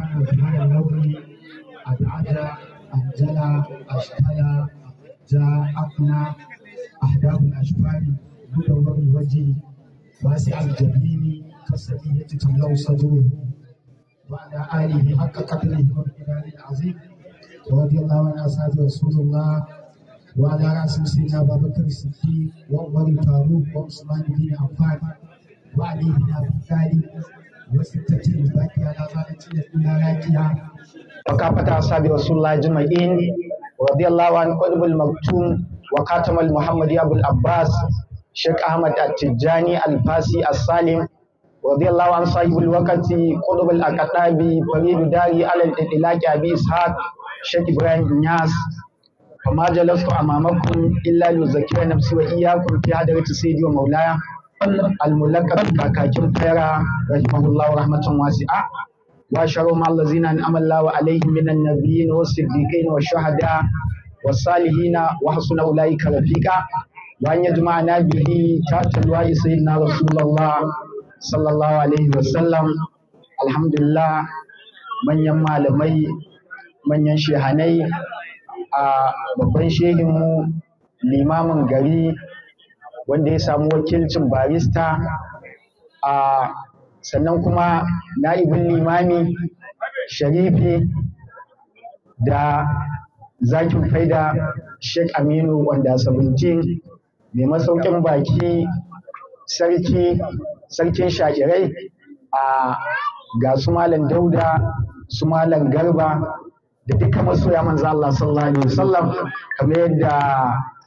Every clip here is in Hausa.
kana da mara nauyi a da'ada anjala ashtala ja afna ahdabul ashfari duka wani waje ba sai aljabini kasabi yace kan lau sabu ba da ali bi hakka kadri wa bi dalil azim wa bi Allah wa ashabi rasulullah wa da rasul sayyidina babakar siddiq wa wal faruq wa usman bin affan wa ali bin abdalib wasu fakafata ashabi rasulullahi jumain radiyallahu an qadbu al maktum wa katam al muhammadi abu al abbas sheikh ahmad atijjani, tijani al fasi as salim radiyallahu an sahibul waqti qadbu al aqdabi faridu dari al intilaqi abi ishaq sheikh ibrahim nyas fama jalastu amamakum illa yuzakkiru nafsi wa iyyakum fi hadrat sayyidi wa maulaya al-mulaqab kakakin fara rahimahullahu rahmatan wasi'a wa sharu ma allazina an'ama Allahu alaihim minan nabiyyin wa siddiqin shahada shuhada was-salihina wa hasuna ulaika rafiqa wa an yajma'ana bihi tatalwa sayyidina rasulullah sallallahu alaihi wa sallam alhamdulillah manyan malamai manyan shehanai a babban shehinmu limamin gari wanda ya samu wakilcin barista a sannan kuma na'ibin limami sharifi da zakin faida sheikh aminu wanda sabuntin mai masaukin baki sarki sarkin shakirai a ga su dauda su garba da duka masoya manzo Allah sallallahu alaihi wasallam kamar yadda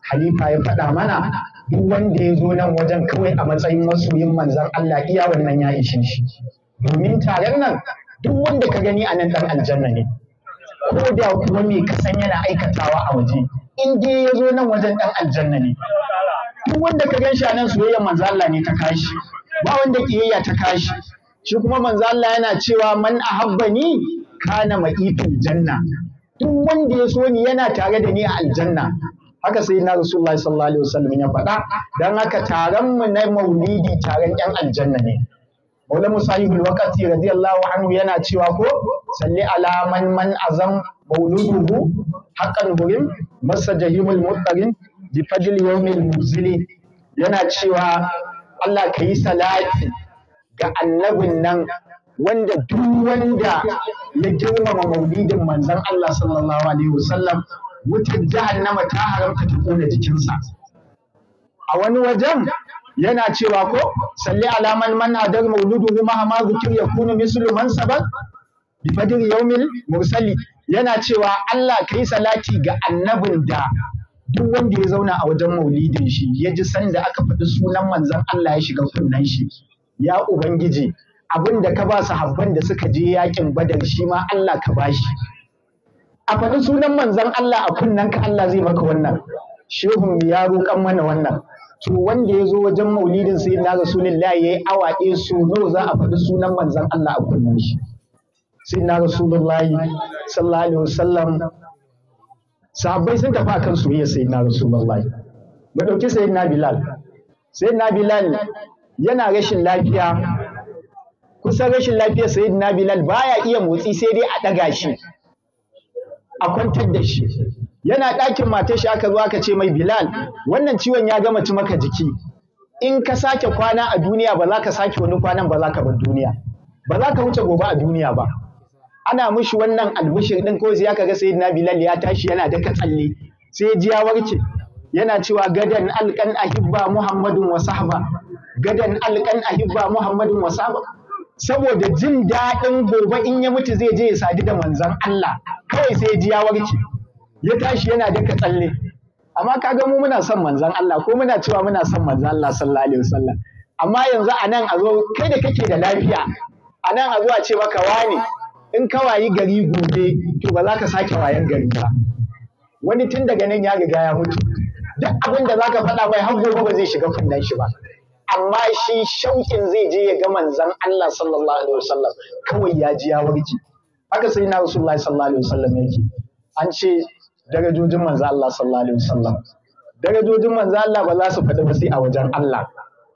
halifa ya faɗa mana duk wanda ya zo nan wajen kawai a matsayin masoyin manzan Allah iya wannan ya ishe shi domin taron nan duk wanda ka gani a nan dan aljanna ne ko da kuma mai kasan yana aikatawa a waje in dai ya zo nan wajen ɗan aljanna ne duk wanda ka gan shi a nan soyayyar manzan Allah ne ta kashi ba wanda kiyayya ta kashi shi kuma manzan Allah yana cewa man ahabbani kana ma'ifil janna duk wanda ya so ni yana tare da ni a aljanna haka sai na rasulullahi sallallahu alaihi wasallam ya faɗa dan haka taron mu na maulidi taron yan aljanna ne maulamu sahibul Waqati radiyallahu anhu yana cewa ko salli ala man man azam mauluduhu haqqan hurim masajihul muttaqin di bi fajl yawmil muzili yana cewa Allah ka yi salati ga annabin nan wanda duk wanda ya girmama maulidin manzon Allah sallallahu alaihi wasallam wutar jahannama ta haramta ta kona jikinsa a wani wajen yana cewa ko salli alaman man adar mauluduhu mahama zikir ya kuna musulman saban bi fadil yaumil mursali yana cewa Allah kai salati ga annabin da duk wanda ya zauna a wajen maulidin shi ya ji sanda aka faɗi sunan manzon Allah ya shiga kunnen shi ya ubangiji abin da ka ba sahabban da suka je yakin badar shi ma Allah ka bashi a faɗi sunan Manzan Allah a kunnen ka Allah zai maka wannan shehun ya roƙan mana wannan to wanda ya zo wajen maulidin sai na Allah yayi awa ɗaya su no za a faɗi sunan Manzan Allah a kunnen shi sai na Allah sallallahu alaihi wasallam sahabbai sun tafi akan soyayya sai na Allah ba ɗauki sai na bilal sai na bilal yana rashin lafiya kusan rashin lafiya sayyidina bilal baya iya motsi sai dai a daga shi a kwantar da shi yana ɗakin matar shi aka zo aka ce mai Bilal wannan ciwon ya gama ci maka jiki in ka sake kwana a duniya ba za ka sake wani kwanan ba za ka bar duniya ba za ka wuce gobe a duniya ba ana mushi wannan albishir din ko sai ka ga sayyidina Bilal ya tashi yana da katsalle, sai ya ji ya warke yana cewa gadan alqan ahibba muhammadun wa sahaba gadan alqan ahibba muhammadun wa sahaba saboda jin daɗin gobe in ya mutu zai je ya sadu da manzon Allah kawai sai ji ya warke ya tashi yana daka tsalle amma kaga mu muna son manzon Allah ko muna cewa muna son manzon Allah sallallahu alaihi wasallam amma yanzu anan a zo kai da kake da lafiya anan nan a zo a ce maka wani in ka wayi gari gobe to ba za ka sake wayan gari ba wani tun daga nan ya riga ya mutu duk abin da zaka faɗa mai har gobe ba zai shiga kunnan shi ba amma shi shauƙin zai je ya ga manzon Allah sallallahu alaihi wasallam kawai ya ji ya warke haka sai na rasulullahi sallallahu alaihi wasallam yake an ce darajojin manzo Allah sallallahu alaihi wasallam darajojin manzo Allah ba za su faɗi ba sai a wajen Allah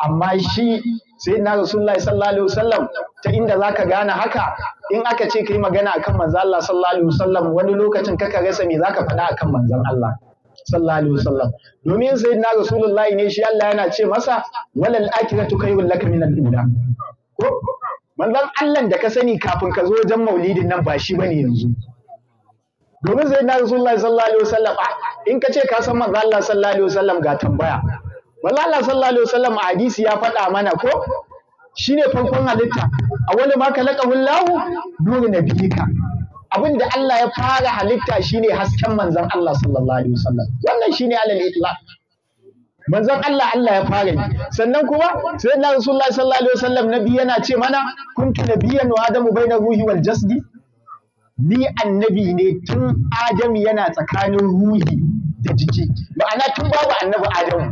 amma shi sai na rasulullahi sallallahu alaihi wasallam ta inda zaka gane haka in aka ce kai magana akan manzo Allah sallallahu alaihi wasallam wani lokacin kaka rasa me zaka fada akan manzon Allah sallallahu alaihi wasallam domin sai na rasulullahi ne shi Allah yana ce masa walal akhiratu khairul lak min al dunya manzon Allah da ka sani kafin ka zo wajen maulidin nan ba shi ba ne yanzu domin zai na rasulullahi sallallahu alaihi wasallam in ka ce ka san manzon Allah sallallahu alaihi wasallam ga tambaya manzon Allah sallallahu alaihi wasallam hadisi ya faɗa mana ko Shi ne farkon halitta a wani ma kalaqahu na nuru nabiyika abin da Allah ya fara halitta shine hasken manzon Allah sallallahu alaihi wasallam wannan shine alal itlaq manzon Allah Allah ya fara yi sannan kuma sai na rasulullahi sallallahu alaihi wasallam nabi yana ce mana kuntu nabiyyan wa adamu baina ruhi wal jasdi ni annabi ne tun adamu yana tsakanin ruhi da jiki ma'ana tun babu annabi adamu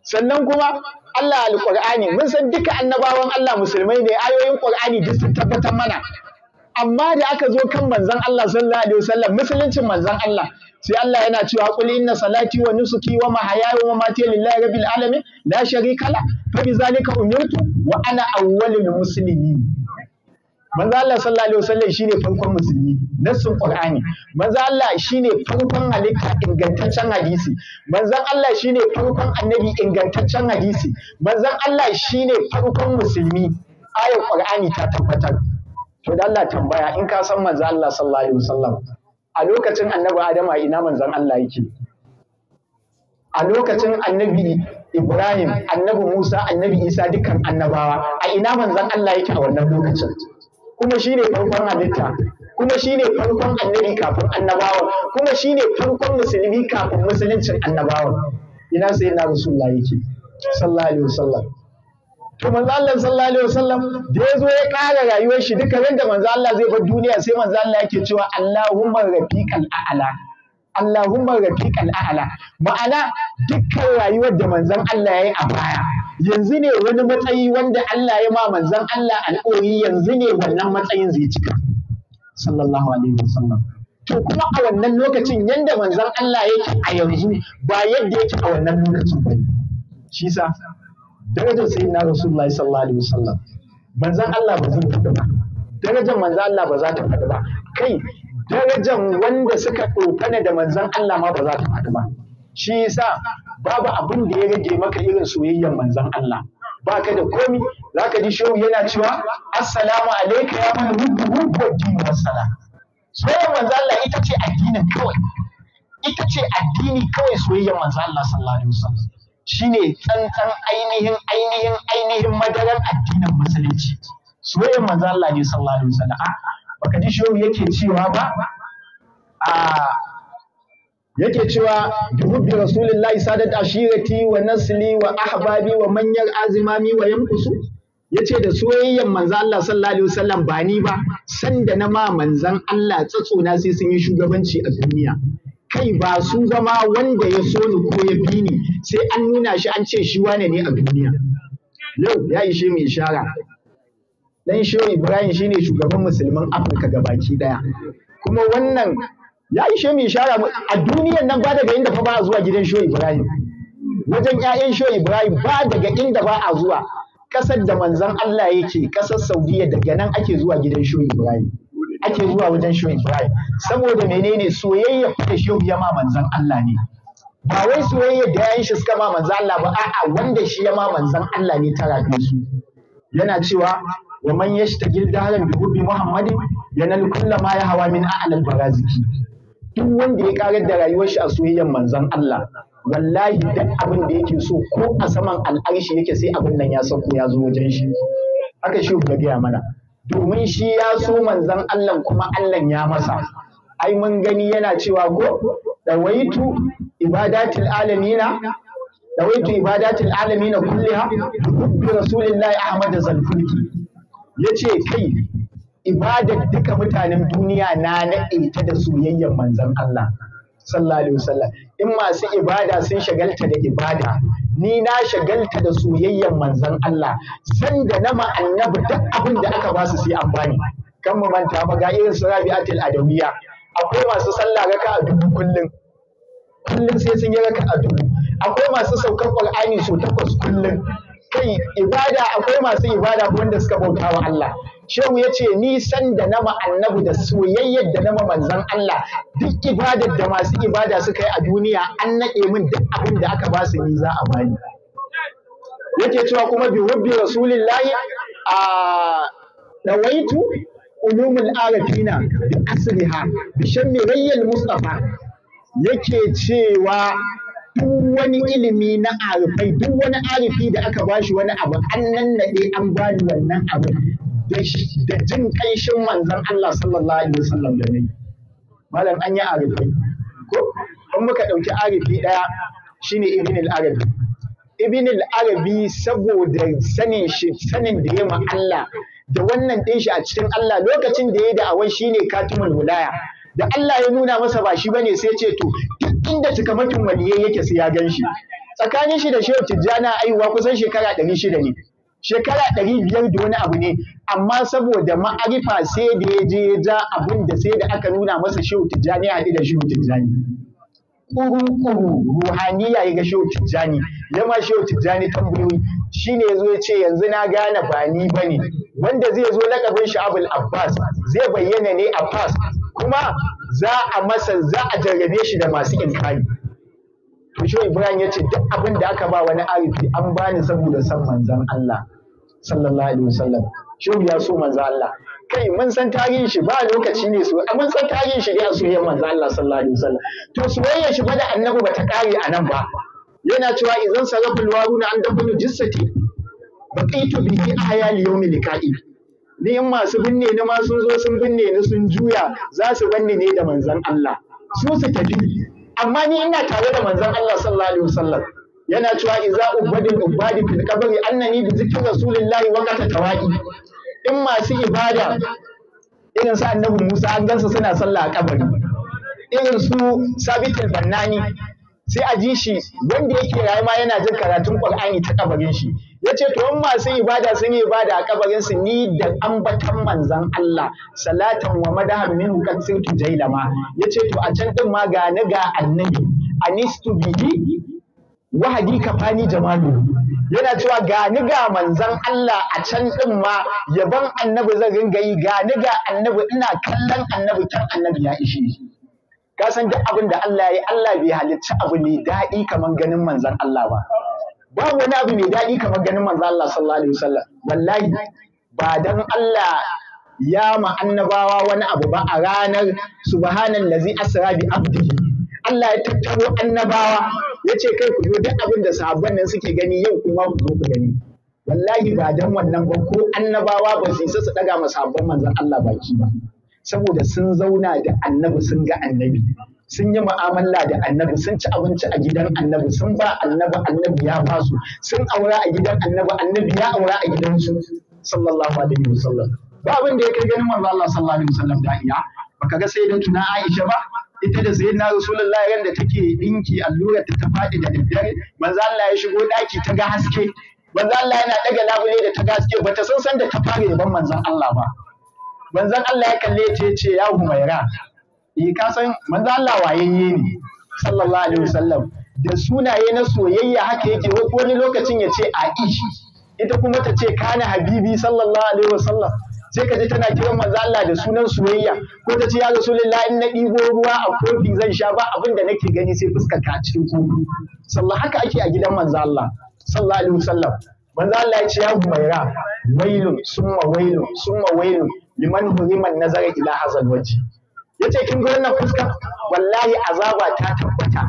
sannan kuma Allah alqur'ani mun san duka annabawan Allah musulmai ne ayoyin qur'ani duk sun tabbatar mana amma da aka zo kan manzon Allah sallallahu alaihi wasallam musuluncin manzon Allah sai Allah yana cewa qul inna salati wa nusuki wa mahayaya wa mamati lillahi rabbil alamin la sharika la fa bi zalika umirtu wa ana awwalul muslimin manzo Allah sallallahu alaihi wasallam shine farkon musulmi nassin qur'ani manzo Allah shine farkon halitta ingantaccen hadisi manzo Allah shine farkon annabi ingantaccen hadisi manzo Allah shine farkon musulmi ayar qur'ani ta tabbatar to dan Allah tambaya in ka san manzo Allah sallallahu alaihi wasallam a lokacin annabi adama a ina manzan Allah yake a lokacin annabi Ibrahim annabi Musa annabi Isa dukkan annabawa a ina manzan Allah yake a wannan lokacin kuma shine farkon halitta kuma shine farkon annabi kafin annabawa kuma shine farkon musulmi kafin musuluncin annabawa ina sai na rasulullah yake sallallahu alaihi wasallam to manzo Allah sallallahu alaihi wasallam da ya zo ya ƙara rayuwar shi duka yadda manzo Allah zai bar duniya sai manzo Allah yake cewa Allahumma rafiqal a'la Allahumma rafiqal a'la ma'ana dukkan rayuwar da manzon Allah ya yi a baya yanzu ne wani matsayi wanda Allah ya ma manzon Allah alƙawari yanzu ne wannan matsayin zai cika sallallahu alaihi wasallam to kuma a wannan lokacin yanda manzon Allah yake a yanzu ba yadda yake a wannan lokacin ba shi sa darajar na rasulullahi sallallahu alaihi wasallam manzan Allah ba zai fita ba darajar manzan Allah ba za ta fada ba kai darajar wanda suka dokana da manzan Allah ma ba za ta fada ba shi yasa babu abin da ya rage maka irin soyayyar manzan Allah Ba ka da komi ka ji shehu yana cewa assalamu alayka ya man hubbu hubbu dinu wassalam soyayyar manzan Allah ita ce addinin kawai ita ce addini kawai soyayyar manzan Allah sallallahu alaihi wasallam shine tsantsan ainihin ainihin ainihin madaran addinin musulunci soyayyar manzo Allah ne sallallahu alaihi wasallam baka ji shehu yake cewa ba a yake cewa bi hubbi rasulillahi sadat ashirati wa nasli wa ahbabi wa manyan azimami wa yamkusu yace da soyayyar manzo Allah sallallahu alaihi wasallam ba ni ba sanda na ma manzon Allah tsatsona sai sun yi shugabanci a duniya kai ba su zama wanda ya so ni ko ya bi ni sai an nuna shi an ce shi wane ne a duniya yau ya ishe mu ishara dan shi ibrahim shine shugaban musulman afirka gabaki daya kuma wannan ya ishe mu ishara a duniyan nan ba daga inda fa ba zuwa gidan shi ibrahim wajen ƴaƴan shi ibrahim ba daga inda ba a zuwa kasar da manzon Allah yake kasar saudiya daga nan ake zuwa gidan shi ibrahim ake zuwa wajen shi Ibrahim saboda menene soyayya da shehu ya ma manzon Allah ne ba wai soyayya da yayin shi suka ma manzon Allah ba a'a wanda shi ya ma manzon Allah ne ta rafe su yana cewa wa man yashtagil dahlan bi hubbi muhammadin yanal kullama ya hawa min a'lal baraziki duk wanda ya karar da rayuwar shi a soyayyar manzon Allah wallahi duk abin da yake so ko a saman al'arshi yake sai abin nan ya sauko ya zo wajen shi haka shi ya gaya mana domin shi ya so manzon Allah kuma Allah ya masa ai mun gani yana cewa go dawaitu ibadatul alamina dawaitu ibadatul alamina kulliha bi rasulillahi ahmad zalfulki yace kai ibadar duka mutanen duniya na naɗe ta da soyayyan manzan Allah sallallahu alaihi wasallam in masu ibada sun shagalta da ibada ni na shagalta da soyayyan manzan Allah zan da na annabi duk abin da aka basu sai an bani kan mu manta ba irin su Rabi'atul adawiya akwai masu sallah raka a dubu kullum kullum sai sun yi raka a dubu akwai masu saukar Qur'ani so takwas kullun kai ibada akwai masu ibada wanda suka bauta wa Allah shehu ya ce nisan da nama annabi da soyayyar da nama manzan Allah duk ibadar da masu ibada suka yi a duniya an naɗe min duk abin da aka ba su ni za a bani yake cewa kuma bi rubbi rasulillahi a dawaitu ulumul arafina bi asriha bi shammi rayyal mustafa yake cewa duk wani ilimi na arifai duk wani arifi da aka ba shi wani abu an nan naɗe an ba ni wannan abu da jin kanshin manzon Allah sallallahu alaihi wasallam da nayi malam an yi arifai ko in muka ɗauki arifi ɗaya shine ibn al-arabi ibn al-arabi saboda sanin shi sanin da ya Allah da wannan ɗin shi a cikin Allah lokacin da yayi da awai shine katimul wilaya da Allah ya nuna masa ba shi bane sai ce to inda cikamakin waliyai yake sai ya gan shi tsakanin shi da shehu tijjana aiwa kusan shekara ɗari shida ne shekara ɗari biyar da wani abu ne amma saboda ma'arifa sai da ya je ya ja abin da sai da aka nuna masa shehu tijjani ya da shehu tijjani kuru-kuru ruhaniya ya ga shehu tijjani ya ma shehu tijjani tambayoyi shine ya zo ya ce yanzu na gane ba ni ba wanda zai zo lakabin Abul abbas zai bayyana ne abbas kuma za a masa za a jarrabe shi da masu inkari to shi Ibrahim ya ce duk abin da aka ba wani arifi an bani saboda san manzon Allah sallallahu alaihi wasallam shi ya so manzon Allah kai mun san tarihin shi ba lokaci ne su mun san tarihin shi ya soyayya manzon Allah sallallahu alaihi wasallam to soyayya shi ba da annabi bata ta kare a nan ba yana cewa idan sarafin waruna an dabbulu jissati baqitu bihi ahya yawmi liqa'i ni in masu binne ni ma sun zo sun binne ni sun juya za su banni ne da manzon Allah su su tafi amma ni ina tare da manzon Allah sallallahu alaihi wasallam yana cewa iza ubadin ubadi fil qabri annani bi zikri rasulillahi wa qata tawaqi in masu ibada irin sa annabi Musa an gansa suna sallah a kabari irin su sabitul bannani sai a ji shi wanda yake rayu ma yana jin karatun Qur'ani ta kabarin shi yace to in masu ibada sun yi ibada a kabarin su ni da ambatan manzon Allah salatan wa madahan min kan sirtu jailama yace to a can din ma ga na ga annabi anistu bihi wahadi kafani jamalu yana cewa ga ni ga manzon Allah a can din ma yaban annabi zan ringa yi ga ni ga annabi ina kallon annabi kan annabi ya ishe ka san duk abin da Allah ya yi Allah bai halicci abu mai daɗi kamar ganin manzan Allah ba ba wani abu mai daɗi kamar ganin manzan Allah sallallahu alaihi wasallam wallahi ba dan Allah ya ma annabawa wani abu ba a ranar subhanan lazi asra bi abdihi Allah ya tattaro annabawa ya ce kai ku duk abin da sahabban nan suke gani yau kuma ku zo ku gani wallahi ba dan wannan ba ko annabawa ba su isa su daga ma sahabban manzon Allah baki ba saboda sun zauna da annabi sun ga annabi sun yi mu'amala da annabi sun ci abinci a gidan annabi sun ba annabi annabi ya su sun aura a gidan annabi annabi ya aura a su sallallahu alaihi wasallam ba abin da ya kai ganin manzo Allah sallallahu alaihi wasallam da iya baka ga sai na Aisha ba ita da sayyidina rasulullahi ran take dinki allura ta faɗi da daddare manzo Allah ya shigo daki ta ga haske manzo Allah yana daga labule da ta ga haske bata san san da ta fara yaban manzon Allah ba manzon Allah ya kalle ce ce ya humaira eh ka san manzon Allah wayayye ne sallallahu alaihi wasallam da sunaye na soyayya haka yake wani lokacin ya ce "A'ishi, ita kuma ta ce kana habibi sallallahu alaihi wasallam sai ka ji tana kiran Manzala Allah da sunan soyayya ko ta ce ya rasulullah in na ɗigo ruwa a kofi zan sha ba abin da nake gani sai fuskar ka cikin kofi sallah haka ake a gidan manzo Allah sallallahu alaihi wasallam Allah ya ce ya gumaira wailun summa wailun summa wailun liman huriman nazara ila hazal waji yace kin ga wannan fuska wallahi azaba ta tabbata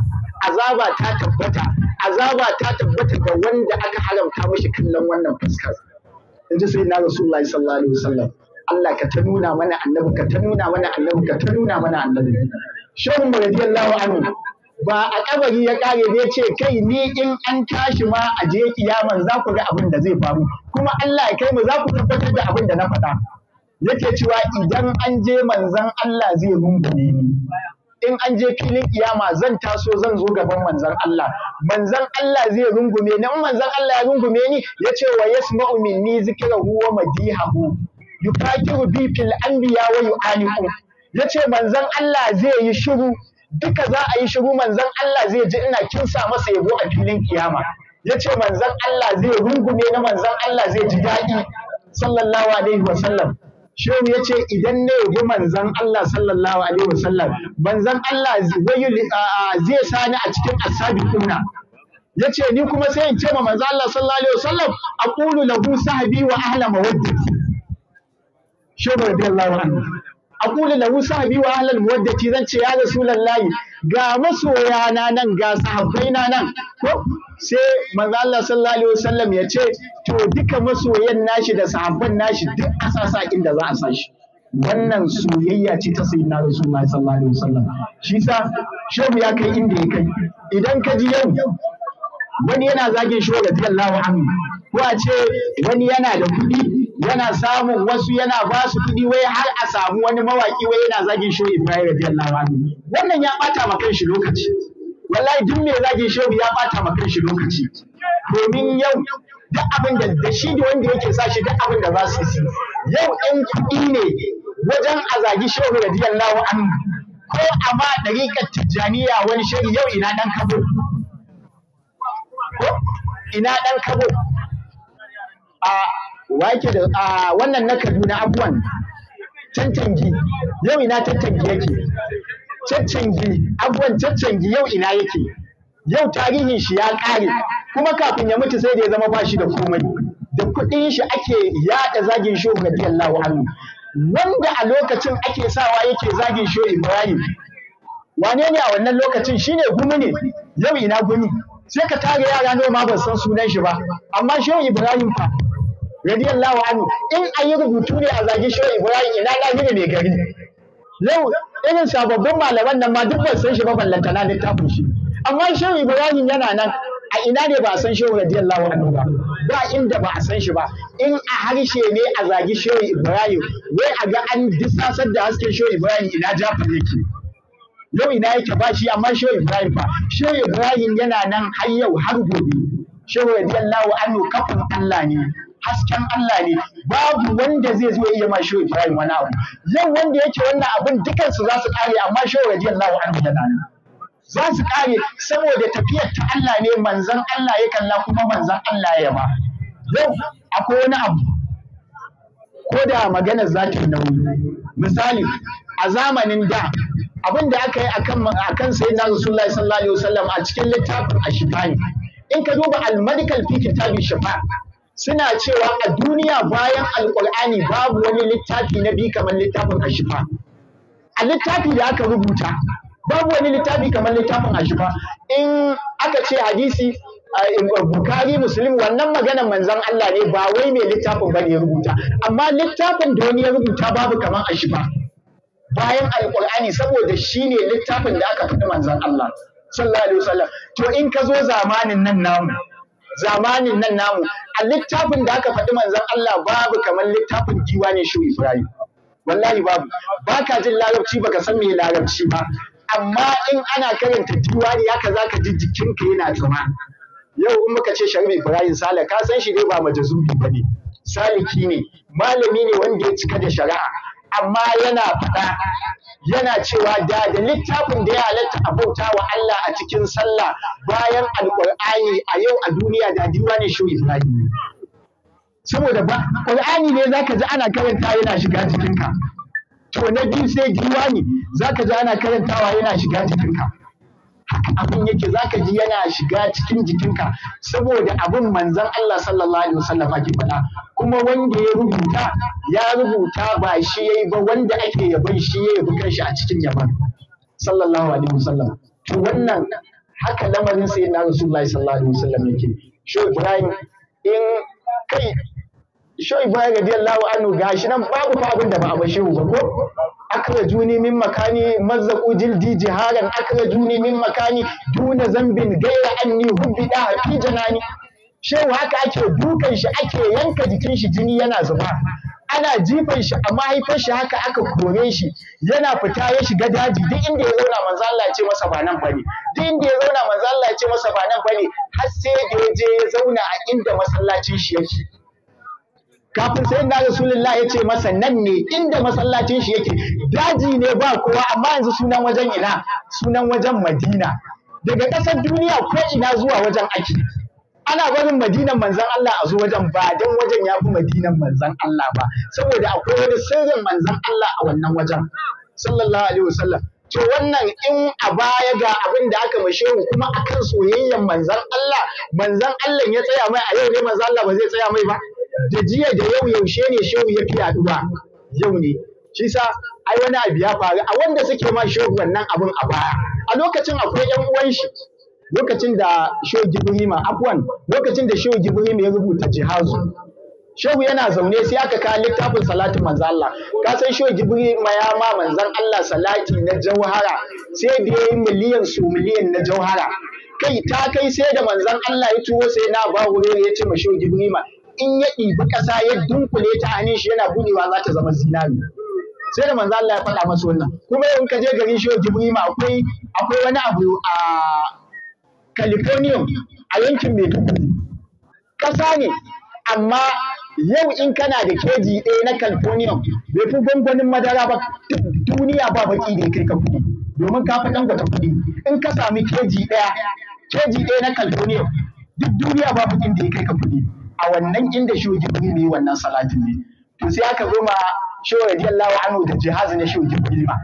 azaba ta tabbata azaba ta tabbata ga wanda aka haramta mishi kallon wannan fuskar inji sai na rasulullahi sallallahu alaihi wasallam Allah ka ta nuna mana annabi ka ta nuna mana annabi ka ta nuna mana annabi shehu radiyallahu anhu ba a kabari ya kare bai ce kai ni in an tashi ma a je kiyaman za ku ga abin da zai faru kuma Allah ya kai mu za ku tabbatar da abin da na faɗa yake cewa idan an je manzan Allah zai rungume ni in an je filin kiyama zan taso zan zo gaban manzan Allah manzan Allah zai rungume ni in manzan Allah ya rungume ni ya ce wa yasma'u minni zikrahu wa madihahu yukatiru bi fil anbiya wa yu'aniqu ya manzan Allah zai yi shiru duka za a yi shiru manzan Allah zai ji ina kinsa masa yabo a filin kiyama Yace ce manzan Allah zai rungume na manzan Allah zai ji daɗi sallallahu alaihi wa sallam shehu ya ce idan ne yabi manzan Allah sallallahu alaihi wasallam manzan Allah zai sani a cikin ashabi kunna ya ce ni kuma sai in ce ma manzan Allah sallallahu alaihi wasallam a ƙulu lahu sahabi wa ahla mawaddati shehu radiyallahu anhu a ƙulu lahu sahabi wa ahla mawaddati zan ce ya rasulullahi ga masoya na nan ga sahabbai na nan ko sai manzo Allah sallallahu alaihi wasallam ya ce to duka masoyan nashi da sahabban nashi duk a sasa inda za a sa wannan soyayya ce ta sayyidina rasulullahi sallallahu alaihi wasallam shi sa shehu ya kai inda ya kai idan ka ji yau wani yana zagin shi wa radiyallahu anhu ko a ce wani yana da kuɗi yana samun wasu yana ba su kuɗi wai har a samu wani mawaƙi wai yana zagin shehu Ibrahim radiyallahu anhu wannan ya ɓata ma kanshi lokaci wallahi duk mai zagin shehu ya ɓata ma kanshi lokaci domin yau duk abin da da shi da wanda yake sa shi duk abin da za su yi yau ɗan kuɗi ne wajen a zagi shehu radiyallahu anhu ko a ma ɗariƙar tijjaniya wani shehu yau ina ɗan kabo ina ɗan kabo a wake da a wannan na Kaduna abuwan cancanji yau ina cancanji yake cancanji abuwan cancanji yau ina yake yau tarihin shi ya kare kuma kafin ya mutu sai da ya zama bashi da komai da kuɗin shi ake yaɗa zagin shi Allahu anhu wanda a lokacin ake sawa yake zagin shi Ibrahim wane ne a wannan lokacin shine gumi ne yau ina gumi sai ka tare yara noma ma ban san sunan shi ba amma shi Ibrahim fa radiyallahu anhu in ayi rubutu ne a zagi shehu ibrahim ina ɗahiru mai gari yau irin sababbin malaman nan ma duk ban san shi ba ballantana littafin shi amma shehu ibrahim yana nan a ina ne ba a san shehu radiyallahu anhu ba ba inda ba a san shi ba in a harshe ne a zagi shehu ibrahim wai a ga an disasar da hasken shehu ibrahim ina jafar yake yau ina yake ba shi amma shehu ibrahim ba shehu ibrahim yana nan har yau har gobe shehu radiyallahu anhu kafin allah ne hasken Allah ne babu wanda zai zo iya mashi Ibrahim wani abu yau wanda yake wannan abin dukansu za su kare amma shehu radiyallahu anhu da nan za su kare saboda tafiyar ta Allah ne manzon Allah ya kalla kuma manzon Allah ya ba yau akwai wani abu ko da magana za ta nauyi misali a zamanin da abin da aka yi akan akan sayyidina rasulullahi sallallahu alaihi wasallam a cikin littafin ashifani in ka duba al-medical fi kitabi shifa suna cewa a duniya bayan alƙur'ani babu wani littafi na bi kamar littafin ashifa a littafi da aka rubuta babu wani littafi kamar littafin ashifa in aka ce hadisi Bukari Muslim wannan maganar manzan Allah ne ba wai mai littafin bane ya rubuta amma littafin da wani ya rubuta babu kamar ashifa bayan alƙur'ani saboda shi ne littafin da aka faɗi manzan Allah sallallahu alaihi wasallam to in ka zo zamanin nan namu zamanin nan namu a littafin da aka faɗi manzon Allah babu kamar littafin ne shu Ibrahim wallahi babu baka jin larabci baka san me larabci ba amma in ana karanta ne haka zaka ji jikin jikinka yana tsuma yau in muka ce Sharif Ibrahim Sale ka san shi dai ba majazubi bane saliki ne malami ne wanda ya cika da shari'a amma yana faɗa yana cewa da da littafin da ya halatta a bauta wa Allah a cikin sallah bayan alƙur'ani a yau a duniya da diwa ne shi Ibrahim saboda ba ƙur'ani ne zaka ji ana karanta yana shiga cikinka to na biyu sai diwa ne zaka ji ana karantawa yana shiga cikinka abin yake zaka ji yana shiga cikin jikinka saboda abin manzan Allah sallallahu alaihi wasallam ake faɗa kuma wanda ya rubuta ya rubuta ba shi yayi ba wanda ake yabon shi ya yabi kanshi a cikin yaban sallallahu alaihi wasallam to wannan haka lamarin sayyidina rasulullahi sallallahu alaihi wasallam yake shi Ibrahim in kai shoyi baya radiyallahu ga gashi nan babu fa da ba a bashiru ba ko akrajuni min makani mazzaqu jildi jiharan juni min makani duna zambin gaira anni da fi janani shehu haka ake dukan shi ake yanka jikin shi jini yana zuba ana jifan shi a mahaifar shi haka aka kore shi yana fita ya shiga daji duk inda ya zauna manzo Allah ya ce masa ba nan bane duk inda ya zauna manzo Allah ya ce masa ba nan bane har sai da ya je ya zauna a inda masallacin shi yake kafin sai na rasulullah ya ce masa nan ne inda masallacin shi yake daji ne ba kowa amma yanzu sunan wajen ina sunan wajen madina daga ƙasar duniya ko ina zuwa wajen ake ana barin madinan manzan Allah a zo wajen ba don wajen ya fi madinan manzan Allah ba saboda akwai wani sirrin manzan Allah a wannan wajen sallallahu alaihi wasallam to wannan in a baya ga abin da aka mashe mu kuma akan soyayyan manzan Allah manzan Allah ya tsaya mai a yau ne manzan Allah ba zai tsaya mai ba da jiya da yau yaushe ne shehu ya fi yaduwa yau ne shi sa ai wani abu ya faru a wanda suke ma shehu wannan abun a baya a lokacin akwai yan uwan shi lokacin da shehu ibrahim afwan lokacin da shehu gibrima ya rubuta jihazu shehu yana zaune sai aka kawo littafin salatin manzo Allah ka san shehu ibrahim ya ma manzon Allah salati na jauhara sai da yayi miliyan su miliyan na jauhara kai ta kai sai da manzon Allah ya tuwo sai na ba hurere ya ce ma shehu ibrahim in ya ɗibi ƙasa ya dunkule ta hannun shi yana buɗewa za ta zama zinari sai da manzo Allah ya faɗa masa wannan kuma in ka je garin Shehu Ibrahima akwai akwai wani abu a California a yankin tukuri ƙasa ne amma yau in kana da keji ɗaya na California bai fi gwangwanin madara ba duniya ba baki da kai ka kuɗi domin ka fi dangwata kuɗi in ka sami keji ɗaya keji ɗaya na California duk duniya ba bakin da kai ka kuɗi a wannan inda shi jibril ne wannan salatin ne to sai aka zo ma shi radiyallahu anhu da jihaz na shi jibril ma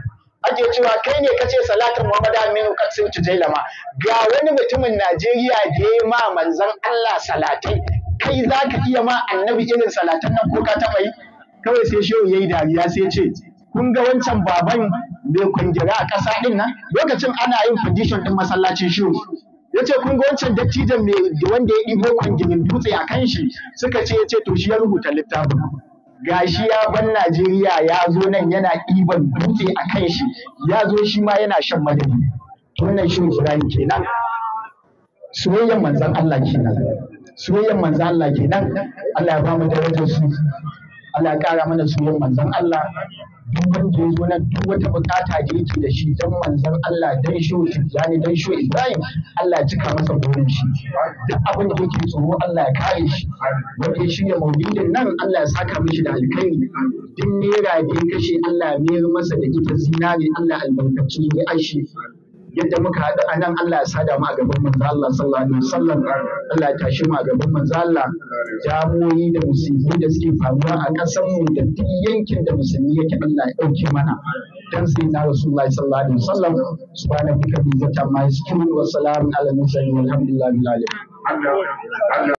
ake cewa kai ne kace salatin Muhammad Aminu Katsin Tujailama ga wani mutumin Najeriya da ya ma manzon Allah salatai kai za ka iya ma annabi irin salatan nan ko ka taɓa yi kawai sai shi yi dariya sai ce kun ga wancan baban mai kwangira a ƙasa ɗin nan lokacin ana yin condition ɗin masallacin shiru ya ce kun ga wancan dattijan mai wanda ya ɗibo kwangilin dutse a kan shi suka ce ya ce to shi ya rubuta littafin gashi ya ban Najeriya ya zo nan yana ɗiban dutse a kan shi ya zo shi ma yana shan madadi wannan shi Ibrahim kenan soyayyan manzan Allah kenan soyayyan manzan Allah kenan Allah ya ba mu darajar su Allah ya kara mana soyayyan manzan Allah duk wanda ya zo nan duk wata bukata da yake da shi dan manzon Allah dan shi yani dan shi Ibrahim Allah ya cika masa burin shi duk abin da kuke tsoro Allah ya kare shi wanda ya shirya maulidin nan Allah ya saka mishi da alkhairi duk naira da ya kashe Allah ya mayar masa da ita zinari Allah albarkaci ya ashe yadda muka haɗu a nan Allah ya sada mu a gaban manzo Allah sallallahu alaihi wasallam Allah ya tashi mu a gaban manzo Allah jamoyi da musulmi da suke faruwa a ƙasar mu da duk yankin da musulmi yake Allah ya ɗauke mana dan sai na Rasulullahi sallallahu alaihi wasallam subhanaka bi zata ma yaskin wa salamun ala mursalin walhamdulillahi rabbil alamin